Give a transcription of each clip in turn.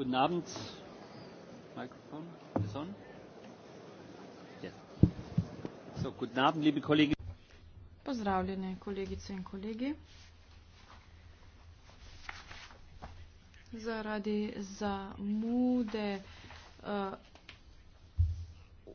Guten Abend. Mikrofon? Ist on? Ja. So, guten Abend, liebe Kolleginnen. Pozdravljene, kolegice in kolegi. Zaradi zamude uh,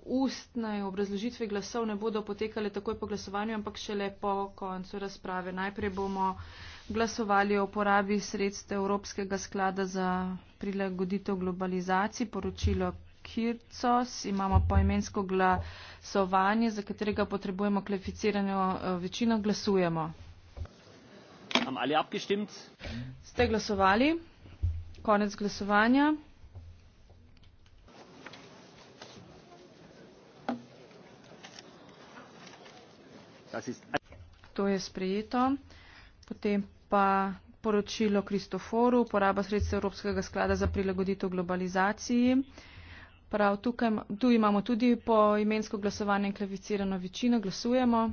ustne obrazložitve glasov ne bodo potekale takoj po glasovanju, ampak šele po koncu razprave. Najprej bomo uh, glasovali o uporabi sredstev Evropskega sklada za prilagoditev globalizaciji, poročilo Kircos, imamo pa imensko glasovanje, za katerega potrebujemo kvalificirano eh, večino, glasujemo. Ste glasovali? Konec glasovanja. To je sprejeto. Potem pa poročilo Kristoforu, poraba sredstev Evropskega sklada za prilagoditev globalizaciji. Prav tukaj, tu imamo tudi po imensko glasovanje in klavicirano večino, glasujemo.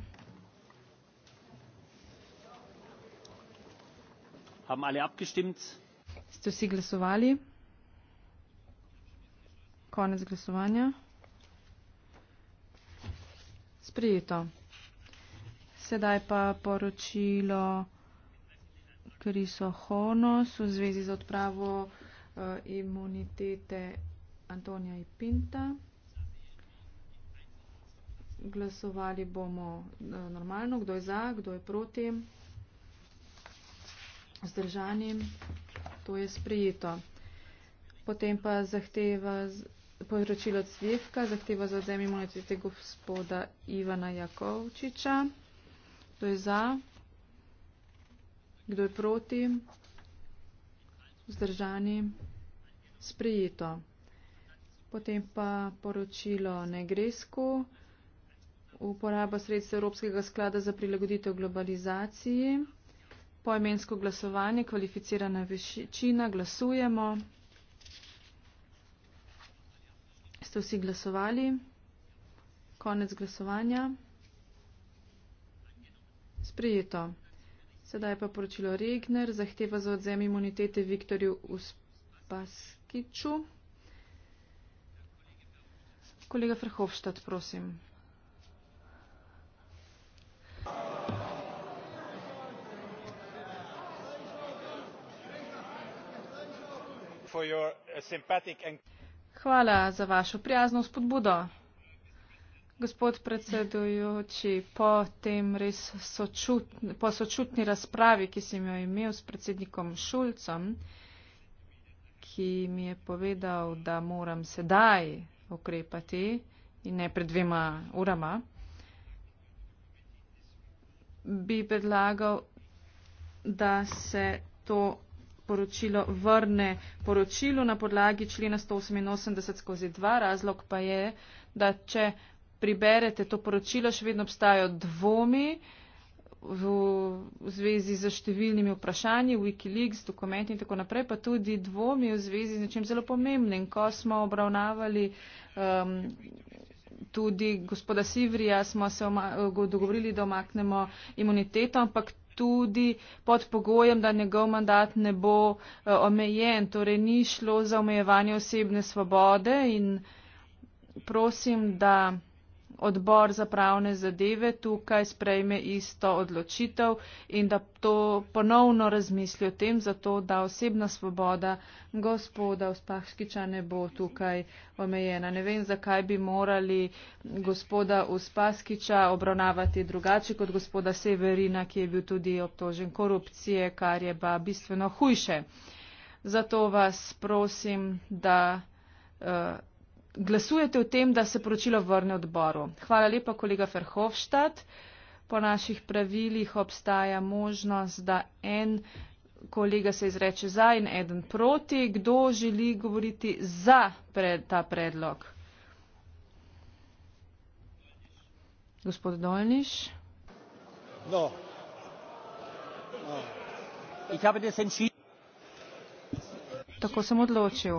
Haben alle abgestimmt? Ste vsi glasovali? Konec glasovanja. Sprijeto. Sedaj pa poročilo. Kriso Honos v zvezi z odpravo uh, imunitete Antonija Ipinta. Glasovali bomo uh, normalno, kdo je za, kdo je proti. Zdržanim, to je sprejeto. Potem pa zahteva poročilo Cvjevka, zahteva za odzem imunitete gospoda Ivana Jakovčiča. To je za. Kdo je proti? Zdržani? Sprijeto. Potem pa poročilo Negresku. Uporaba sredstva Evropskega sklada za prilagoditev globalizaciji. Poimensko glasovanje, kvalificirana večina, glasujemo. Ste vsi glasovali? Konec glasovanja. Sprijeto. Sedaj pa poročilo Regner, zahteva za odzem imunitete Viktorju Uspaskiču. Kolega Frhovštad, prosim. Uh, Hvala za vašo prijazno spodbudo. Gospod predsedujoči, po tem res sočutni, po sočutni razpravi, ki sem jo imel s predsednikom Šulcem, ki mi je povedal, da moram sedaj ukrepati in ne pred dvema urama, bi predlagal, da se to poročilo vrne poročilu na podlagi člena 188 skozi 2. Razlog pa je, da če priberete to poročilo, še vedno obstajajo dvomi v, v zvezi z številnimi vprašanji, Wikileaks, dokumenti in tako naprej, pa tudi dvomi v zvezi z nečim zelo pomembnim. Ko smo obravnavali um, tudi gospoda Sivrija, smo se eh, dogovorili, da omaknemo imuniteto, ampak tudi pod pogojem, da njegov mandat ne bo uh, omejen. Torej ni šlo za omejevanje osebne svobode in prosim, da odbor za pravne zadeve tukaj sprejme isto odločitev in da to ponovno razmisli o tem, zato da osebna svoboda gospoda Uspahškiča ne bo tukaj omejena. Ne vem, zakaj bi morali gospoda Uspahškiča obravnavati drugače kot gospoda Severina, ki je bil tudi obtožen korupcije, kar je pa bistveno hujše. Zato vas prosim, da. Uh, glasujete o tem, da se poročilo vrne odboru. Hvala lepa, kolega Ferhofstadt. Po naših pravilih obstaja možnost, da en kolega se izreče za in eden proti. Kdo želi govoriti za pred, ta predlog? Gospod Dolniš. No. no. Tako sem odločil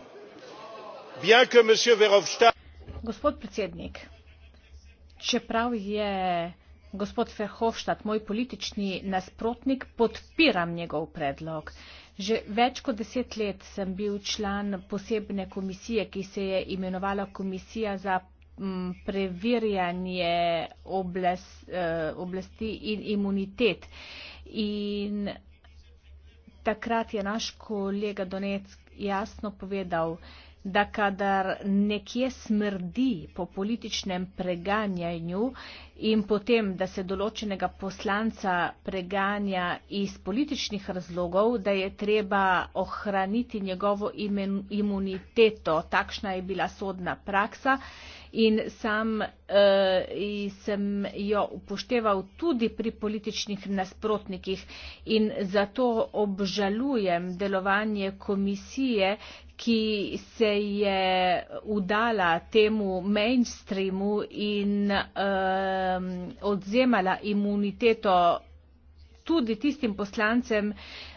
gospod predsednik čeprav je gospod verhofstadt moj politični nasprotnik podpiram njegov predlog že več kot deset let sem bil član posebne komisije ki se je imenovala komisija za mm, preverjanje eh, oblasti in imunitet in takrat je naš kolega donec jasno povedal da da kadar nekje smrdi po političnem preganjanju in potem, da se določenega poslanca preganja iz političnih razlogov, da je treba ohraniti njegovo imuniteto. Takšna je bila sodna praksa in sam uh, sem jo upošteval tudi pri političnih nasprotnikih in zato obžalujem delovanje komisije, ki se je udala temu mainstreamu in uh, odzemala imuniteto tudi tistim poslancem,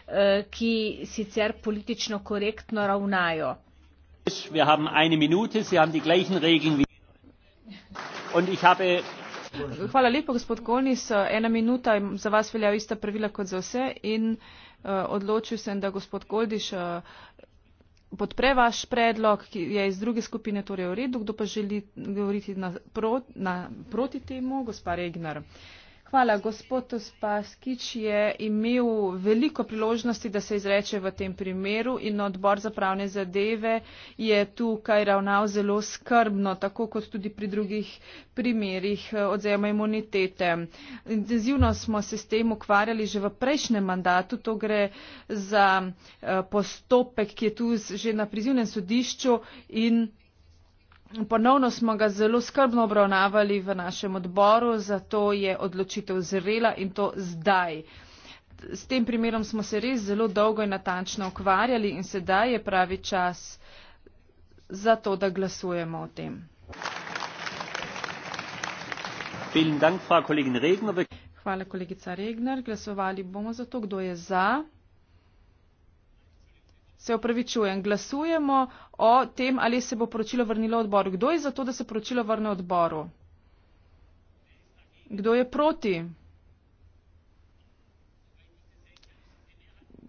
eh, ki sicer politično korektno ravnajo. Wir haben eine Minute, Sie haben die gleichen Regeln wie hvala lepa gospod kounis ena minuta za vas veljajo ista pravila kot za vse in eh, odločil sem da gospod goldis eh, podpre vaš predlog ki je iz druge skupine torej v redu kdo pa želi govoriti proti temu gospa regner izvolite. Hvala. Gospod Spaskič je imel veliko priložnosti, da se izreče v tem primeru in odbor za pravne zadeve je tukaj ravnal zelo skrbno, tako kot tudi pri drugih primerih eh, odzema imunitete. Intenzivno smo se s tem ukvarjali že v prejšnjem mandatu. To gre za eh, postopek, ki je tu že na prizivnem sodišču in Ponovno smo ga zelo skrbno obravnavali v našem odboru, zato je odločitev zrela in to zdaj. S tem primerom smo se res zelo dolgo in natančno ukvarjali in sedaj je pravi čas za to, da glasujemo o tem. Hvala, kolegica Regner. Glasovali bomo za to, kdo je za. Se upravičujem, glasujemo o tem, ali se bo poročilo vrnilo odboru. Kdo je za to, da se poročilo vrne odboru? Kdo je proti?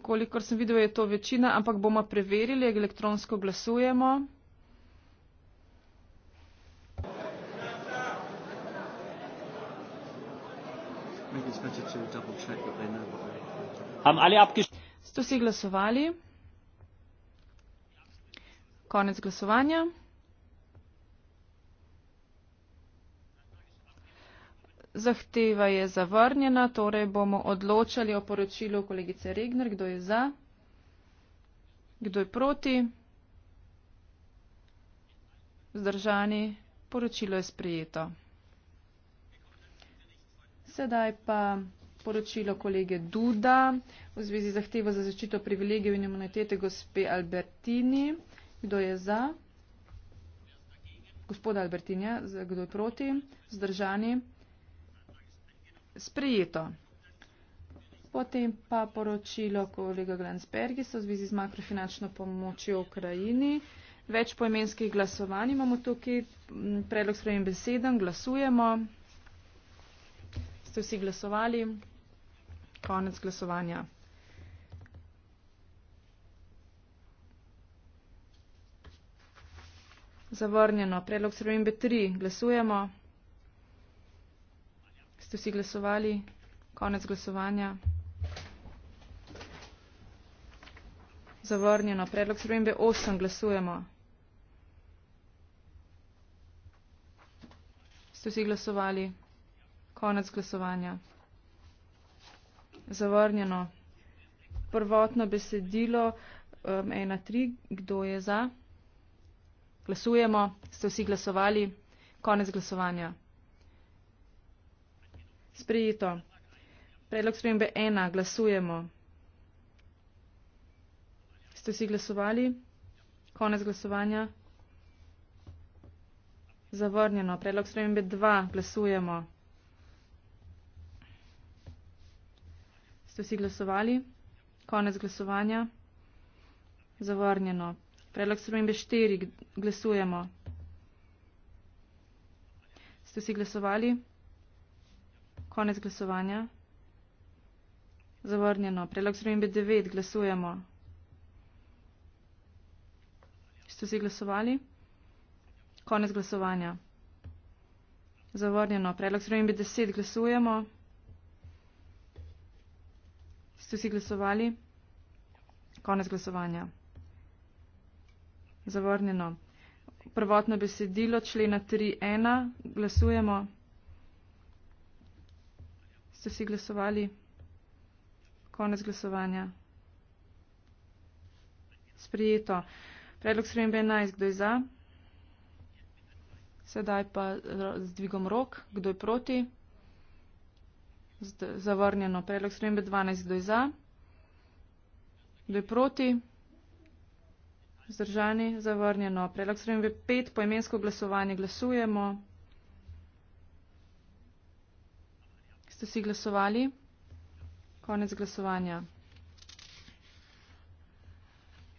Kolikor sem videl, je to večina, ampak bomo preverili, elektronsko glasujemo. Ste vsi glasovali? Konec glasovanja. Zahteva je zavrnjena, torej bomo odločali o poročilu kolegice Regner, kdo je za, kdo je proti. Zdržani, poročilo je sprejeto. Sedaj pa poročilo kolege Duda v zvezi zahtevo za zaščito privilegijev in imunitete gospe Albertini. Kdo je za? Gospoda Albertinja, kdo je proti? Zdržani? Sprijeto. Potem pa poročilo kolega Glansbergi so v zvezi z makrofinančno pomočjo v Ukrajini. Več poimenskih glasovanj imamo tukaj. Mm, predlog s prejem besedem. Glasujemo. Ste vsi glasovali? Konec glasovanja. Zavrnjeno. Predlog spremembe 3. Glasujemo. Ste vsi glasovali? Konec glasovanja. Zavrnjeno. Predlog spremembe 8. Glasujemo. Ste vsi glasovali? Konec glasovanja. Zavrnjeno. Prvotno besedilo um, 1.3. Kdo je za? glasujemo, ste vsi glasovali, konec glasovanja. Sprijeto. Predlog spremembe ena, glasujemo. Ste vsi glasovali, konec glasovanja. Zavrnjeno. Predlog spremembe dva, glasujemo. Ste vsi glasovali, konec glasovanja. Zavrnjeno. Predlog spremembe 4. Glasujemo. Ste vsi glasovali? Konec glasovanja. Zavrnjeno. Predlog spremembe 9. Glasujemo. Ste vsi glasovali? Konec glasovanja. Zavrnjeno. Predlog spremembe 10. Glasujemo. Ste vsi glasovali? Konec glasovanja. Zavrnjeno. Prvotno besedilo člena 3.1. Glasujemo. Ste si glasovali? Konec glasovanja. Sprijeto. Predlog sprejem B11. Kdo je za? Sedaj pa z dvigom rok. Kdo je proti? Zavrnjeno. Predlog sprejem B12. Kdo je za? Kdo je proti? Zdržani, zavrnjeno. Predlog sprememb je pet, poimensko glasovanje glasujemo. Ste si glasovali? Konec glasovanja.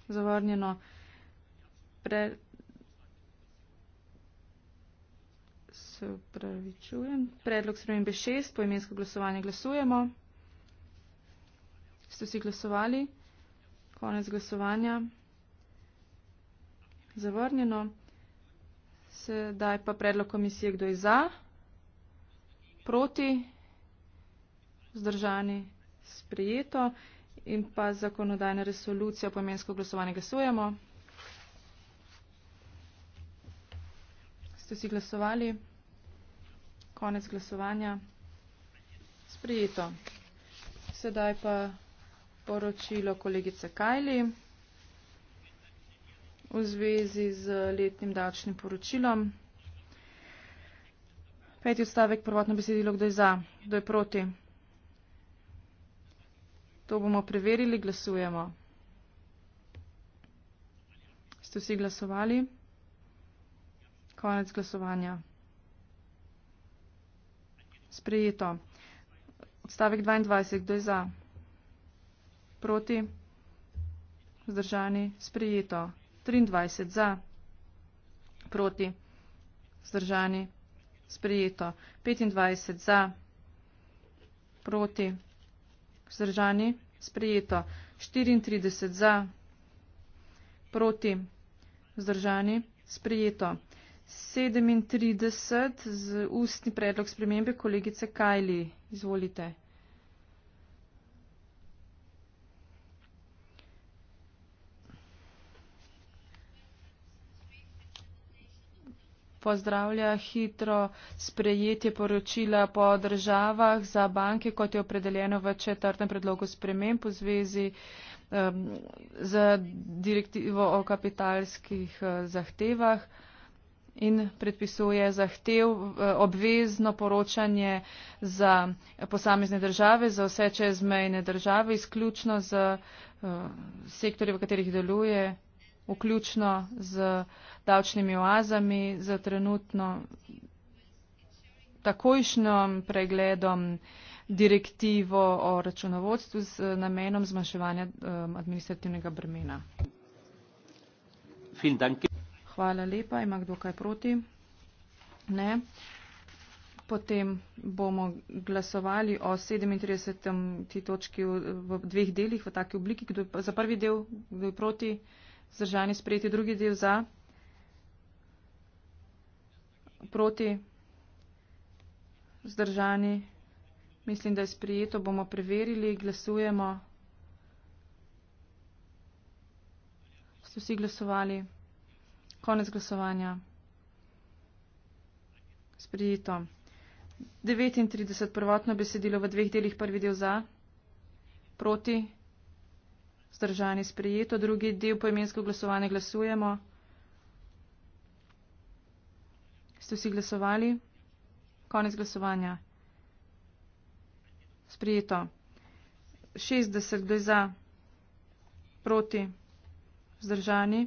Zavrnjeno. Pre... Se upravičujem. Predlog sprememb je šest, poimensko glasovanje glasujemo. Ste si glasovali? Konec glasovanja zavrnjeno. Sedaj pa predlog komisije, kdo je za, proti, vzdržani, sprijeto in pa zakonodajna resolucija, pomensko glasovanje glasujemo. Ste si glasovali? Konec glasovanja. Sprijeto. Sedaj pa poročilo kolegice Kajli v zvezi z letnim dačnim poročilom. Peti odstavek prvotno besedilo, kdo je za, kdo je proti. To bomo preverili, glasujemo. Ste vsi glasovali? Konec glasovanja. Sprejeto. Odstavek 22. Kdo je za? Proti? Zdržani? Sprejeto. 23 za, proti, zdržani, sprejeto, 25 za, proti, zdržani, sprejeto, 34 za, proti, zdržani, sprejeto. 37 z ustni predlog spremembe kolegice Kajli. Izvolite. pozdravlja hitro sprejetje poročila po državah za banke, kot je opredeljeno v četrtem predlogu sprememb v zvezi um, z direktivo o kapitalskih uh, zahtevah in predpisuje zahtev eh, obvezno poročanje za posamezne države, za vse čezmejne države, izključno za uh, eh, sektorje, v katerih deluje vključno z davčnimi oazami, z trenutno takojšnjom pregledom direktivo o računovodstvu z namenom zmanjševanja um, administrativnega bremena. Hvala lepa. Ima kdo kaj proti? Ne. Potem bomo glasovali o 37. točki v, v dveh delih, v taki obliki. Kdo je za prvi del? Kdo je proti? zdržani sprejeti drugi del za, proti zdržani. Mislim, da je sprijeto, bomo preverili, glasujemo. Ste vsi glasovali? Konec glasovanja. Sprijeto. 39. Prvotno besedilo v dveh delih, prvi del za, proti. Zdržani sprejeto, drugi del poimensko glasovanje glasujemo. Ste vsi glasovali? Konec glasovanja. Sprijeto. 60 gre za proti vzdržani.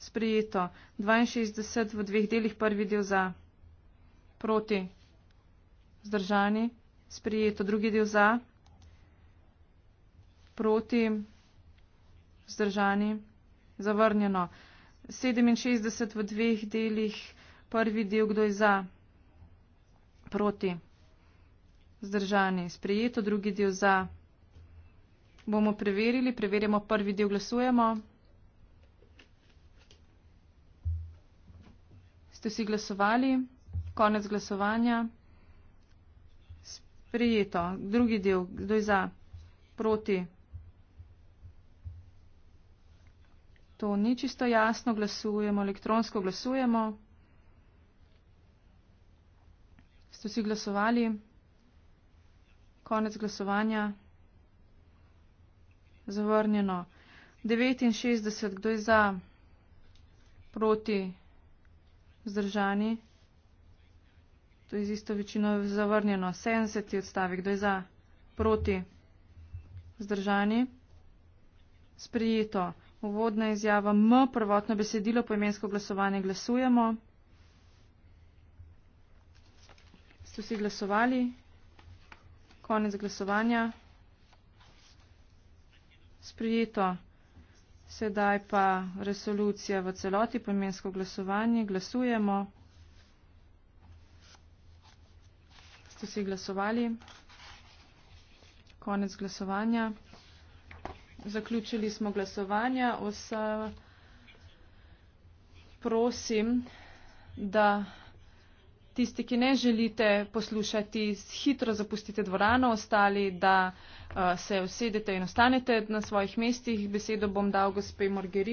Sprijeto. 62 v dveh delih prvi del za proti vzdržani. Sprijeto. Drugi del za proti vzdržani vzdržani, zavrnjeno. 67 v dveh delih, prvi del, kdo je za, proti, vzdržani, sprejeto, drugi del za. Bomo preverili, preverjamo prvi del, glasujemo. Ste si glasovali, konec glasovanja, sprejeto, drugi del, kdo je za, proti. to ni čisto jasno, glasujemo, elektronsko glasujemo. Ste vsi glasovali? Konec glasovanja. Zavrnjeno. 69, kdo je za? Proti? Zdržani? To je z isto večino zavrnjeno. 70 odstavek, kdo je za? Proti? Zdržani? Sprijeto. Uvodna izjava M, prvotno besedilo, poimensko glasovanje, glasujemo. Ste vsi glasovali? Konec glasovanja. Sprijeto. Sedaj pa resolucija v celoti, poimensko glasovanje, glasujemo. Ste vsi glasovali? Konec glasovanja. Zaključili smo glasovanja. Vsa prosim, da tisti, ki ne želite poslušati, hitro zapustite dvorano, ostali, da uh, se usedete in ostanete na svojih mestih. Besedo bom dal gospe Morgerini.